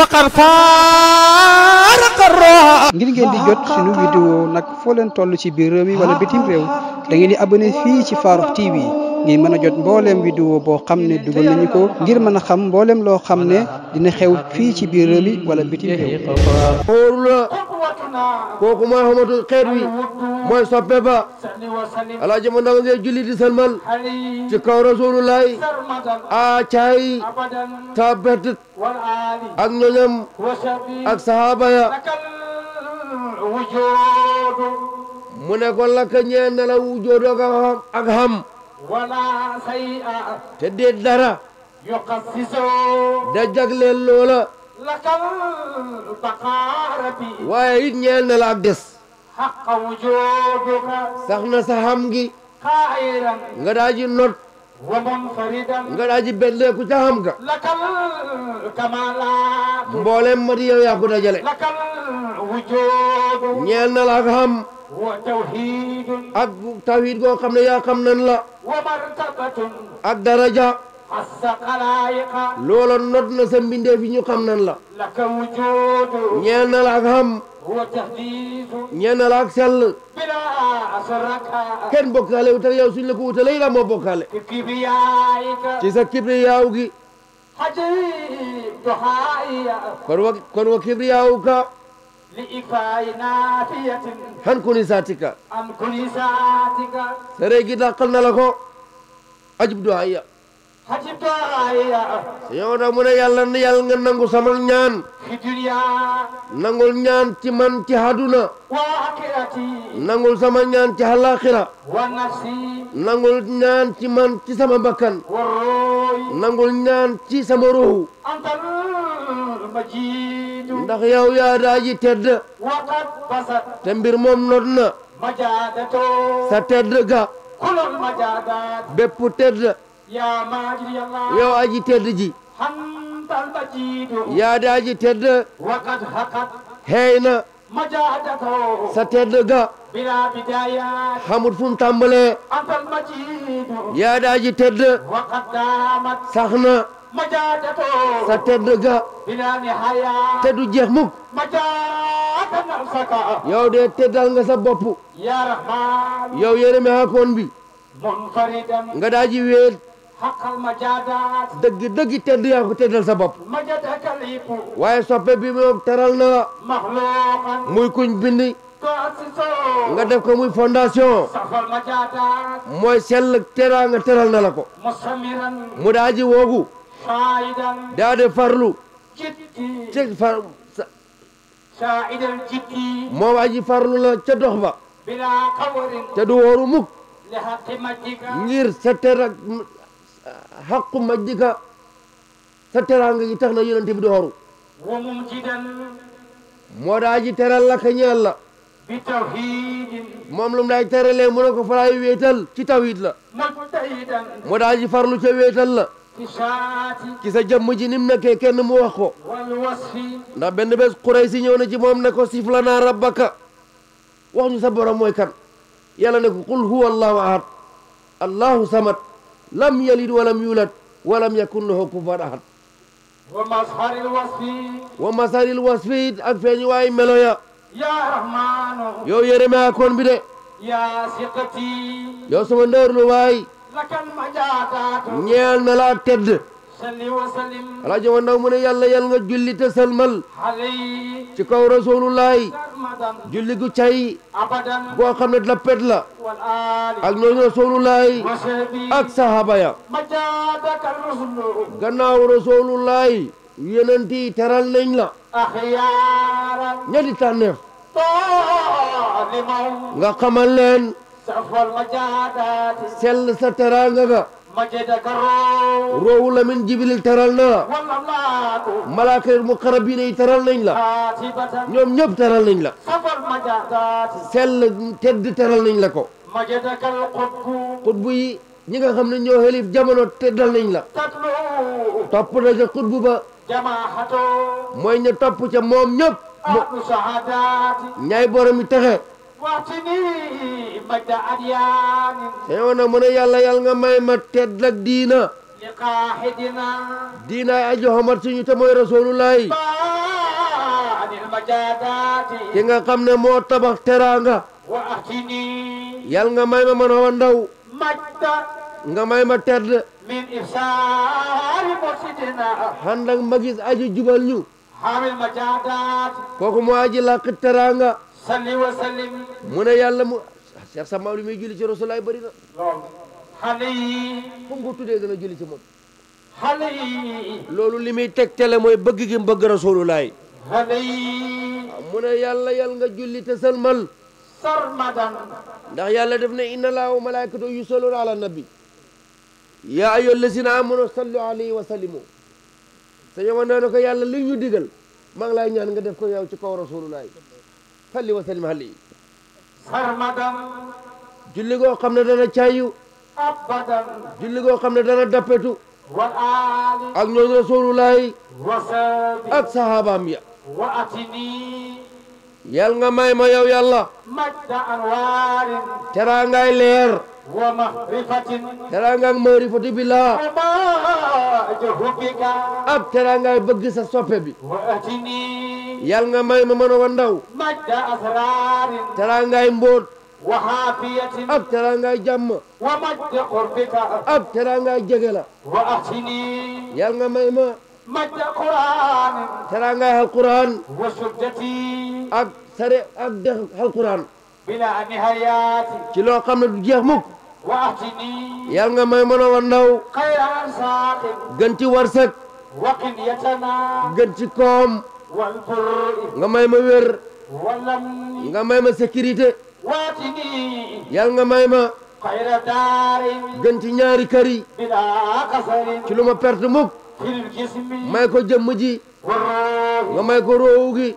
waqar faaraqarroa ngir ngeen di jot suñu vidéo nag foo leen toll ci biir réew mi wala bitim réew da di abonné fii ci Farokh TV ngir mën a jot mbooleem vidéo boo xam ne dugal nañu ko ngir mën a xam mbooleem loo xam ne dina xew fii ci biir réew mi wala bitim réew kooku mooy xamatu xeet wi mooy soppe ba alaaji mu nangu ngeen julli di salmal ci kaw rasulullahi a caay tabet ak ñoñam ak sahaba ya mu ne ko laka ñeen na la wujoodo ak xam te déet dara da jagleel loola waaye it ñeel na la ak des sax na sa gi nga daa ji not nga daa ji betleeku ca xam ga mboolem ma di yow yaa ko dajale ñeel na la ak xam ak tawhid goo xam ne yaa nan la ak daraja loola not na sa mbindeef ñu xam nan la ñeel na la ak xam ñeel na la ak sell kenn bokkaale wutal yow suñ la ko wutalee la moo bokkaale ci sa kibriyaaw gi kon wa kon wa kibriyaaw ka han kuni saatika sere gi dàqal na la ko ajib duhaaya yow da mu yàlla na yàlla nga nangu sama ñaan nangul ñaan ci man ci haduna nangul sama ñaan ci alaxira nangul ñaan ci man ci sama bakkan nangul ñaan ci sama ruuxu ndax yow yaa daa tedd te mbir moom not na sa tedd ga bépp tedd yow aji tedd ji yaa di aji tedd xëy na sa tedd ga xamut fu mu tàmbalee yaa di aji tedd sax na sa tedd ga te du jeex mukk yow de teddal nga sa bopp yow yéene mi xakoon bi nga daa ji wéet Hakal ma jaadaat. dëgg dëgg tedd yaa ko teddal sa bopp. ma ibu. soppe bi teral na la. muy kuñ bindi. nga def ko muy fondation mooy sell teraa nga teral na la ko mu daa ji woogu daa de farlu ci far moom aji farlu la ca dox ba te du wooru mukk ngir sa tera xaqu majdika sa teraanga ji tax na yonente bi dooru wa mumjidan moo daa ji teral la ka ñeel la bi tawhidin moom lu mu daay teralee mu ne ko faraay wéetal ci tawhid la mujtahidan moo farlu ca wéetal la ci sa jëmm ji nim nekkee kenn mu wax ko ndax benn bés Quraysh si ñëw na ci moom ne ko siflanaa rabbaka wax ñu sa borom kan yàlla ne ko qul huwa allahu ahad allahu samad لم يلد ولم يولد ولم يكن له كفوا أحد ومظهر الوصف ومظهر الوصف أكفيني واي ملويا يا رحمن يو يرمى كون بدي يا ثقتي يو سمندر لواي لكن مجاتات نيال ملاك تد salli yàlla yàlla nga julli te salmal alay ci kaw rasulullahi julli gu cay abadan boo xam ne lappet la ak ñooñu rasulullahi ak sahaba ya majadaka rasulu gannaaw teral nañ la axyaara ñetti tànneef nga xamal leen safal sa teraanga ga majadaka roow roowu Lamin Jibril teral na malaakal muqarrabiin yi teral nañ la ñoom ñëpp teral nañ la sell tedd teral nañ la ko majadaka alqutbu qutbu yi ñi nga xam ne ñoo xelif jamono teddal nañ la topp na ca qutbu ba jamaahato mooy ñu topp ca moom ñëpp ñay boromi texe teew na mu ne yàlla yàlla nga may ma tedd ak diina diina ay aji xamat suñu te mooy rasulullahi ki nga xam ne moo tabax teraanga yàlla nga may ma man xawa ndaw nga may ma tedd min isaari mursidina xandak magis aji jubal ñu kooku moo aji làkk teraanga salli wa sallim mu ne mu Cheikh Samba lu julli ci Rasulaay bëri na. loolu fu mu ko tuddee julli ci moom. xale yi. loolu li muy bëgg gi bëgg Rasulaay. xale yi. mu ne yàlla nga julli te sarmadan. ndax def na inna wa malaikatu yusalluna ala nabi. ya ayyuha allazina amanu sallu alayhi wa sallimu. sa yow nee ko yàlla li ñu digal maa ngi lay ñaan nga def ko yow ci salli wa sallim sarmadan julli goo xam ne dana caayu abadan julli goo xam ne dana dappetu wal aali ak ñooñu rasulullahi ak sahabaam ya wa yal nga may ma yow yàlla majda anwaarin teraangaay leer wa mahrifatin teranga maarifati billah ab teranga bagi sesuapnya bi wa yal nga may ma mën majda asrarin ab terangay jàmm ab terangay jege yal nga may ma majda quran terangay sare ak bila nihayati ci loo xam yàlla nga may mën a war ndaw gën ci warsëg gën ci koom nga may ma wér nga may ma sécurité yàlla nga may ma gën ci ñaari kër yi ci lu ma may ko jëmm ji nga may ko roowu gi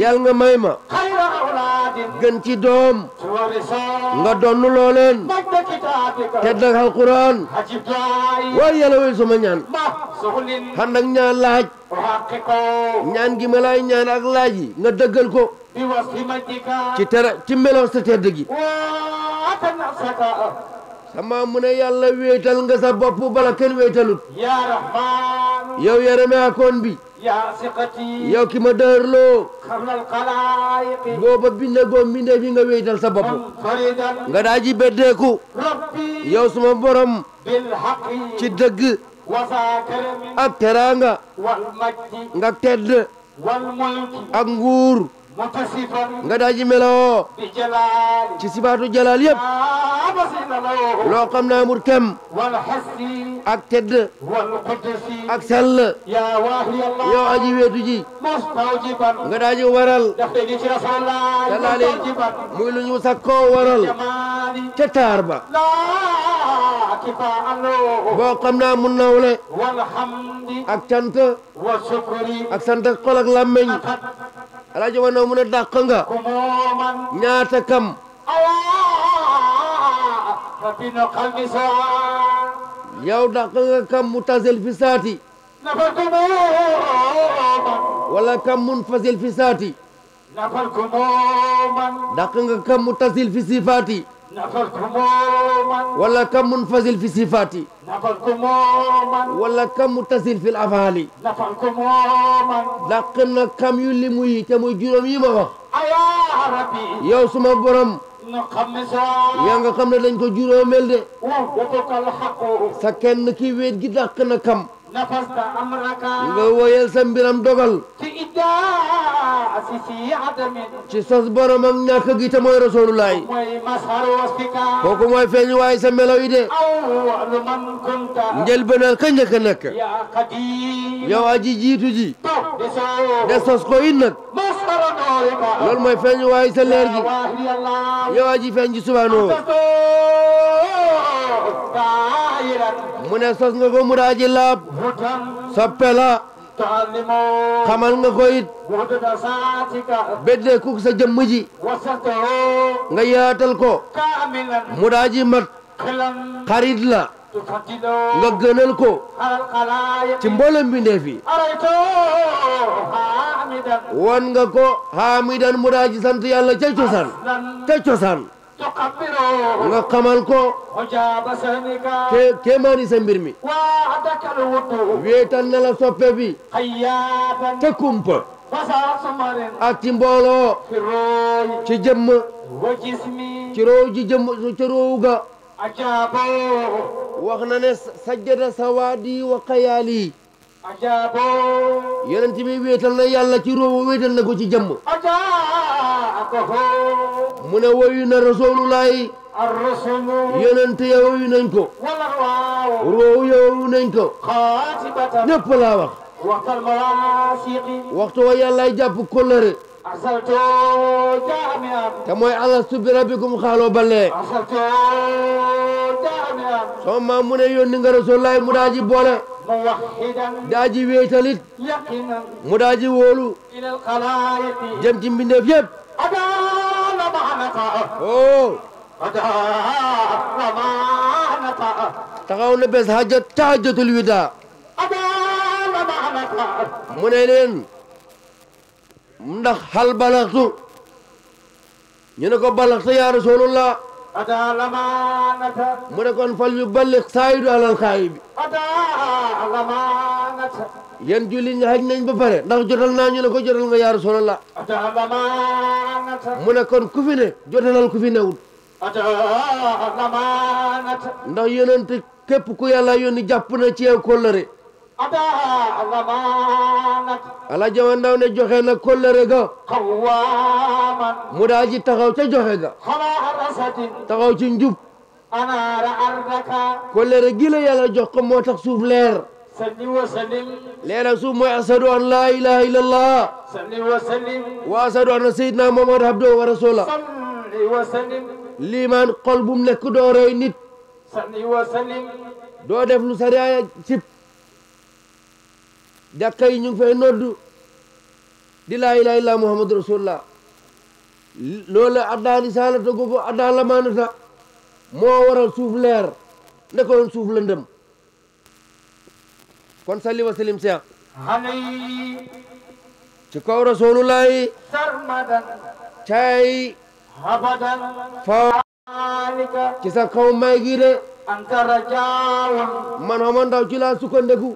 yàlla nga may ma gën ci doom nga donn loo leen te dag waay yàlla wéy sama ñaan xan ak ñaan laaj ñaan gi ma laay ñaan ak laaj nga dëggal ko ci tera ci melow sa tedd gi kama mu ne yàlla wéetal nga sa bopp bala kenn wéetalut ya rahmaanu yow yaramee koon bi yaa siqati yow ki ma dërloo xamnal xalaayiqi booba binde goo nga wéetal sa bopp nga daa beddeeku rabbi yow suma borom bil haqi ci dëgg ak teraanga wal majdi nga tedd ak nguur nga daal di meloo ci sibaatu jalaal yëpp loo xam naa amul kem ak tedd ak sell yow aji weetu nga daal waral muy lu ñu sakkoo waral ca taar ba boo xam naa mun nawle ak cant ak sant xol ak làmmeñ alaaji Manaw mu ne dàq nga ñaata kam yow dàq nga kam mu tasel fi saati kam mun fi saati dàq nga kam mu fi sifaati ولا كم منفزل في صفاتي ولا كم متزل في الافعالي لكن كم يلمي كم يجرم يا ربي يا سما برم يا كم لن تجرم سكن كي ويت كي لكن كم نفست امرك يا ويل سم برم دوغل كي ci sos boromam ñàkk gi te mooy rasulullah kooku mooy feeñ waaye sa melo yi de njël benal ka njëkk a nekk yow aji jiitu ji de sos ko it nag loolu mooy feeñ waaye sa leer gi yow aji feeñ ji mu ne sos nga ko muraaji laab soppe la xamal nga ko bedde ku sa jëmm ji nga yaatal ko mu daa ji nga gënal ko ci mboolem mbindeef wan nga ko xaamidan mu daa ji sant yàlla ca cosaan nga xamal ko ke kéemaani sa mbir mi wéetal na la soppe bi te kumpa ak ci mbooloo ci jëmm ci roow ji jëmm ci roow ga wax na ne sajjada sawaadi wa xayaali yonent bi wéetal na yàlla ci roow wéetal na ko ci jëmm mu ne woyu na rasulullahi yonent ya woyu nañ ko roow ya nañ ko ñëpp laa wax waxtu wa yàllaay jàpp kóllëre te mooy alastu bi rabbikum xaaloo balee sama mu ne yónni nga rasulullahi mu daa boole daa ji wéetalit mu daa ji wóolu jëm ci mbindeef yëpp أدان ما نفع أوه أدان ما نفع تقول بس hal balaxtu ko balaxtu yaa rasulullah mu ne kon fal saayidu alal xaayi bi yan julli ñi haj nañ ba ndax jotal naa ñu ne ko jotal nga yaa rasulallah mu ne kon ku fi jotalal ku fi newul ndax yonent képp ku yàlla yónni jàpp na ci yow kóllëre ala jama ndaw ne joxe na kóllëre ga mu daa taxaw ca joxe ga taxaw ci njub kóllëre gi la yàlla jox ko moo tax suuf leer Lena sumu ya sadu an la ilaha illallah Sallim wa sallim Wa sadu an nasidna Muhammad Abdu wa Liman qalbum neku ini. rey nit Sallim wa sallim Do def chip Dakka yin yung fey nordu Di la ilaha illallah Lola adha nisala togo go adha lamana ta Mua waral souf lair Nekon souf kon salli wa sallim seex ci kaw rasulullahi sarmadan cay abadan faalika ci sa kaw may gi anta rajawun man xama ndaw ci ci la sukkandeku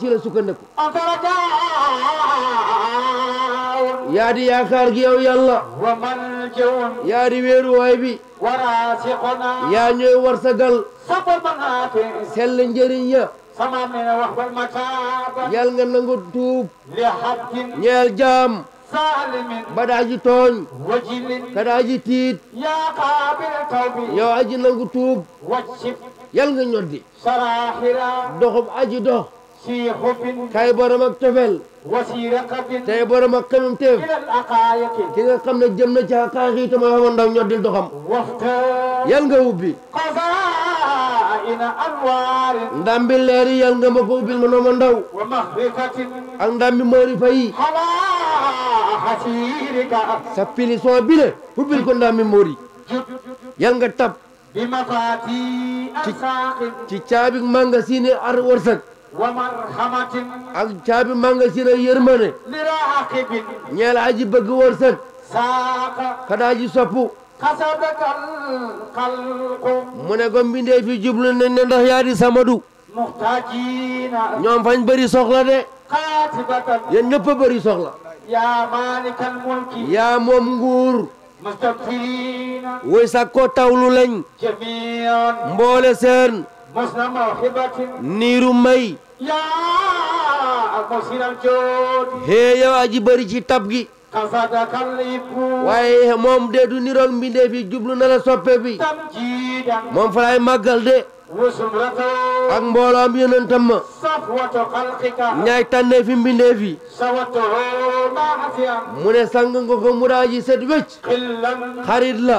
ci la sukkandeku anta yaakaar gi yow yàlla wa man jawun yaa weeru waay yaa ñooy warsagal sell njëriñ ya yal nga nangu tuub ñeel jaam ba daa ji tooñ ka daa ji tiit yow aji nangu tuub yal nga ñoddi doxub aji dox si hufin kay borom ak tefel wa si raqabin tay borom ak kamim teef ilal aqaayakin ki nga xam jëm na ci aqaaq yi tama xamoon ndaw ñoddil doxam waxta yal nga ubbi qasaa'ina anwaarin ndambi leer yal nga ma ko ubbil ndaw wa ak ndambi mari fay sa pili so bile ubbil ko ndambi moori yal nga tab bi mafati asaqin ci caabik manga sini ar warsak wa marhamatin ak caabi manga si la yërmane liraqibin ñeel aji bëgg wërsëg saaka kadaa ji soppu xasabakal xalqu mu ne ko mbindee fi jublu ne ndax yaa di samadu muxtaajina ñoom fañ bëri soxla de xaatibatan yéen ñëpp soxla yaa moom nguur mustaqfirina woy tawlu lañ jamian mboole seen مسنا موهبة نير مي يا مسير الجود هي يا أجي بريجي تبجي waaye moom de du niroog mbindee bi jublu na la soppe bi moom fa lay de ak mbooloom yonentam ma ñaay tànnee fi mu ne sang nga muraaji set wécc xarit la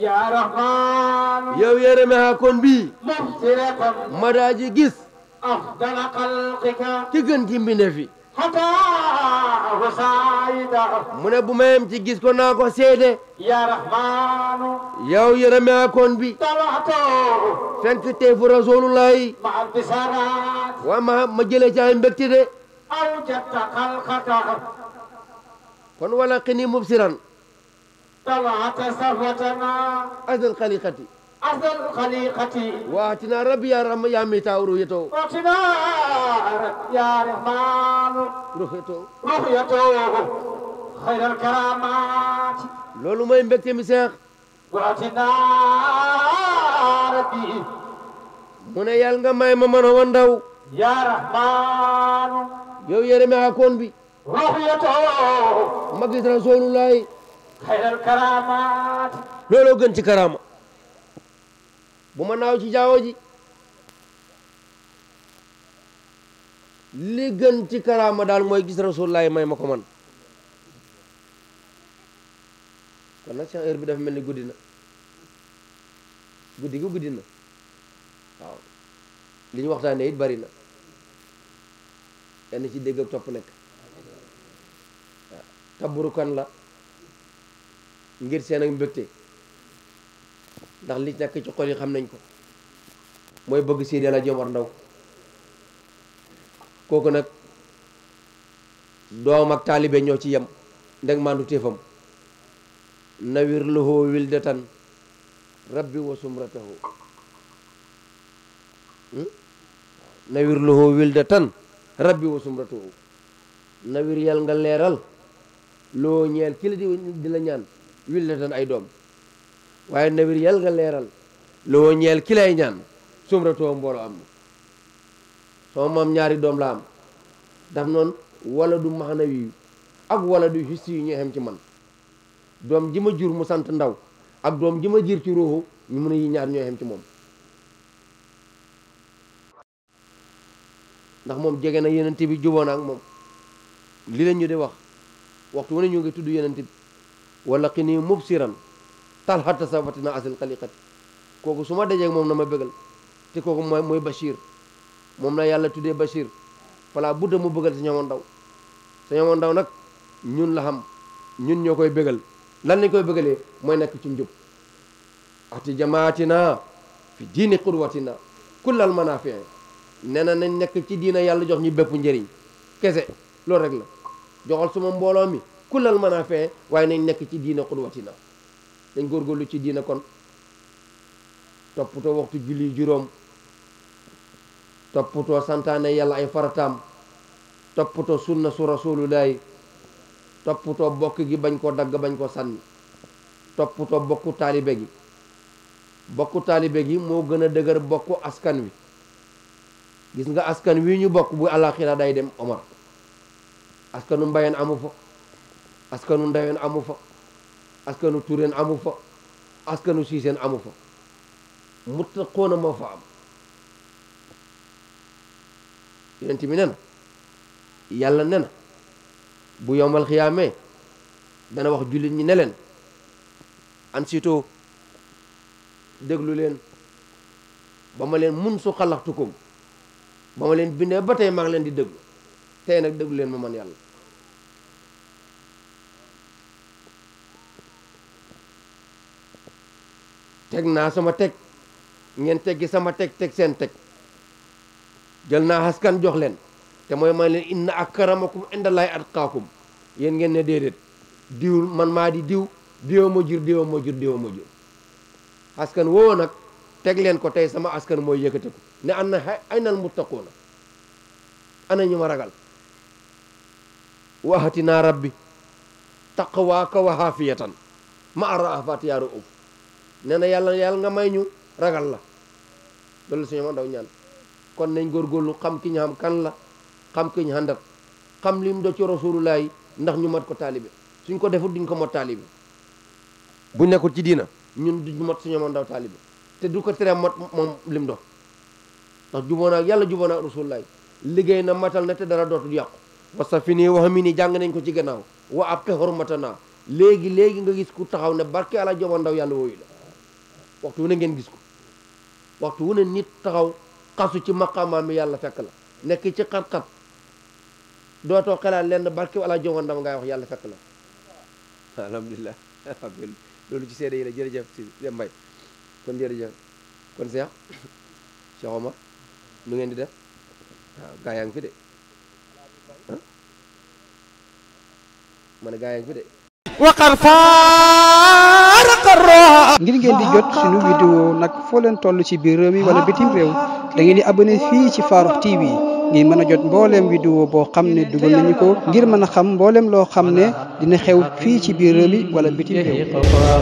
yaa rahmaan yow yërëme ha kon bii madaaji gis afdala xalqika ki gën gi mbinde fi xataahu saayida mu ne bu mayem ci gis ko naa ko seede yaa rahmaanu yow yërëme ha kon bi tawaxto fenk teefu rasulullahi maa bisaraat waa ma ma jële ci ay de aw jatta xalqaka kon wala xini mubsiran سبعة سفتنا أذن خليقتي أفضل خليقتي واتنا رب يا رم يا ميتا روحيتو واتنا رب يا رحمن روحيتو روحيتو خير الكرامات لولو ما يمبك يا مسيخ واتنا ربي من يال nga may ma mëna wandaw ya rahman yow yere ma akon bi ruhiyatu magi rasulullah looloo gën ci karaama bu ma naaw ci jaawo ji li gën ci karaama daal mooy gis rasulullahi may ma ko man kon nag seen heure bi dafa mel ni guddi na guddi gi guddi na waaw li ñu waxtaanee it bari na kenn ci dégg topp nekk waaw taburu kan la ngir seen ak mbégte ndax li nekk ci xol yi xam nañ ko mooy bëgg Seydi El Hadji Ndaw kooku nag doom ak taalibe ñoo ci yem ndeg mandu téefam nawir lohoo wildatan rabbi wa sumratahu hmm? nawir lohoo wildatan rabbi wa sumratahu nawir yal nga leeral lo ñeel ki la di di la ñaan willatan ay doom waaye nawir yal nga leeral loo ñeel ki lay ñaan sumratoo mbooloo am na sama maam ñaari doom la am daf noonu wala du maxnawi ak wala du hissi yu ñuy xam ci man doom ji ma jur mu sant ndaw ak doom ji ma jir ci ruuxu ñu mun a yi ñaar ñooy xam ci moom ndax moom jege na yenente bi juboo na ak moom li la ñu di wax waxtu wane ñu ngi tudd yenente bi walaqini mubsiran tal hatta azil asil xaliqati kooku su ma mom moom na ma bëggal te koku moy moy bashir moom la yalla tuddee bashir fala budde mu bëggal ci ñamon daw sa ñamon daw nak ñun la xam ñun ñokoy bëggal lan lañ koy moy nak ci njub ati jamaatina fi dini qurwatina kullal manaafi nee na nañ nek ci dina yalla jox ñu bépp njëriñ kese loolu rek la joxal suma mbolo mi kulal mën a fee waaye nañ nekk ci diina xulwatina dañ góorgóorlu ci diina kon toppatoo waxtu julli juróom toppatoo santaane yàlla ay farataam toppatoo sunna su rasulullahi toppatoo bokk gi bañ koo dagg bañ koo sànni toppatoo bokku taalibe gi bokku taalibe gi moo gën a dëgër bokk askan wi gis nga askan wi ñu bokk bu àllaaxira day dem Omar askanu mbayeen amu fa askanu ndaween amu fa askanu tureen amu fa askanu siiseen amu fa muttaqoona moo fa am yonent bi ne yàlla ne na bu yombal xiyaamee dana wax jullit ñi ne leen ansitoo déglu leen ba ma leen mun su xalaxtukum ba ma leen bindee ba tey maa ngi leen di déglu tey nag déglu leen ma man yàlla teg naa sama teg ngeen teggi sama teg teg seen teg jël naa askan jox leen te mooy ma leen na inna akramakum indallahi atqaakum yéen ngeen ne déedéet diw man maa di diw diwa ma jur diwa ma jur diwa ma jur askan woowu nag teg leen ko tey sama askan mooy yëkkate ko ne an na aynal muttaquuna ana ñu ma ragal waxatinaa rabbi taqwaaka wa xaafiyatan ma a raafat yaa ra'uuf nee na yàlla yàlla nga may ñu ragal la loolu suñu ma daw ñaan kon nañ góorgóorlu xam ki ñu xam kan la xam ki ñu àndat xam lim do ci rasulullah yi ndax ñu mat ko taalibe suñ ko defut duñ ko mot taalibe bu nekkul ci diina ñun duñ mot suñu ma daw taalibe te du ko tere mat moom lim do ndax juboo naag yàlla juboo naag rasulullah liggéey na matal na te dara dootul yàqu wasa fi nii wax mi nii jàng nañ ko ci gannaaw wa ab ke xormata naa léegi léegi nga gis ku taxaw ne barke ala joba ndaw yàlla wooyu waxtu wu ne ngeen gis ko waxtu wu ne nit taxaw xasu ci maqaamaam mi yàlla fekk la nekk ci xat-xat dootoo xelaat lenn barke wala jongoon dama ngay wax yàlla fekk la alhamdulilah loolu ci seede yi la jërëjëf si mbay kon jërëjëf kon Cheikh Cheikh Omar nu ngeen di def waaw yaa ngi fi de ma ne fi de waqar ngir ngeen di jot suñu vidéo nag foo leen toll ci biir réew mi wala bitim réew da di abonné fii ci Farokh TV ngir mën a jot mbooleem vidéo boo xam ne dugal nañu ko ngir mën a xam mbooleem loo xam ne dina xew fii ci biir réew mi wala bitim réew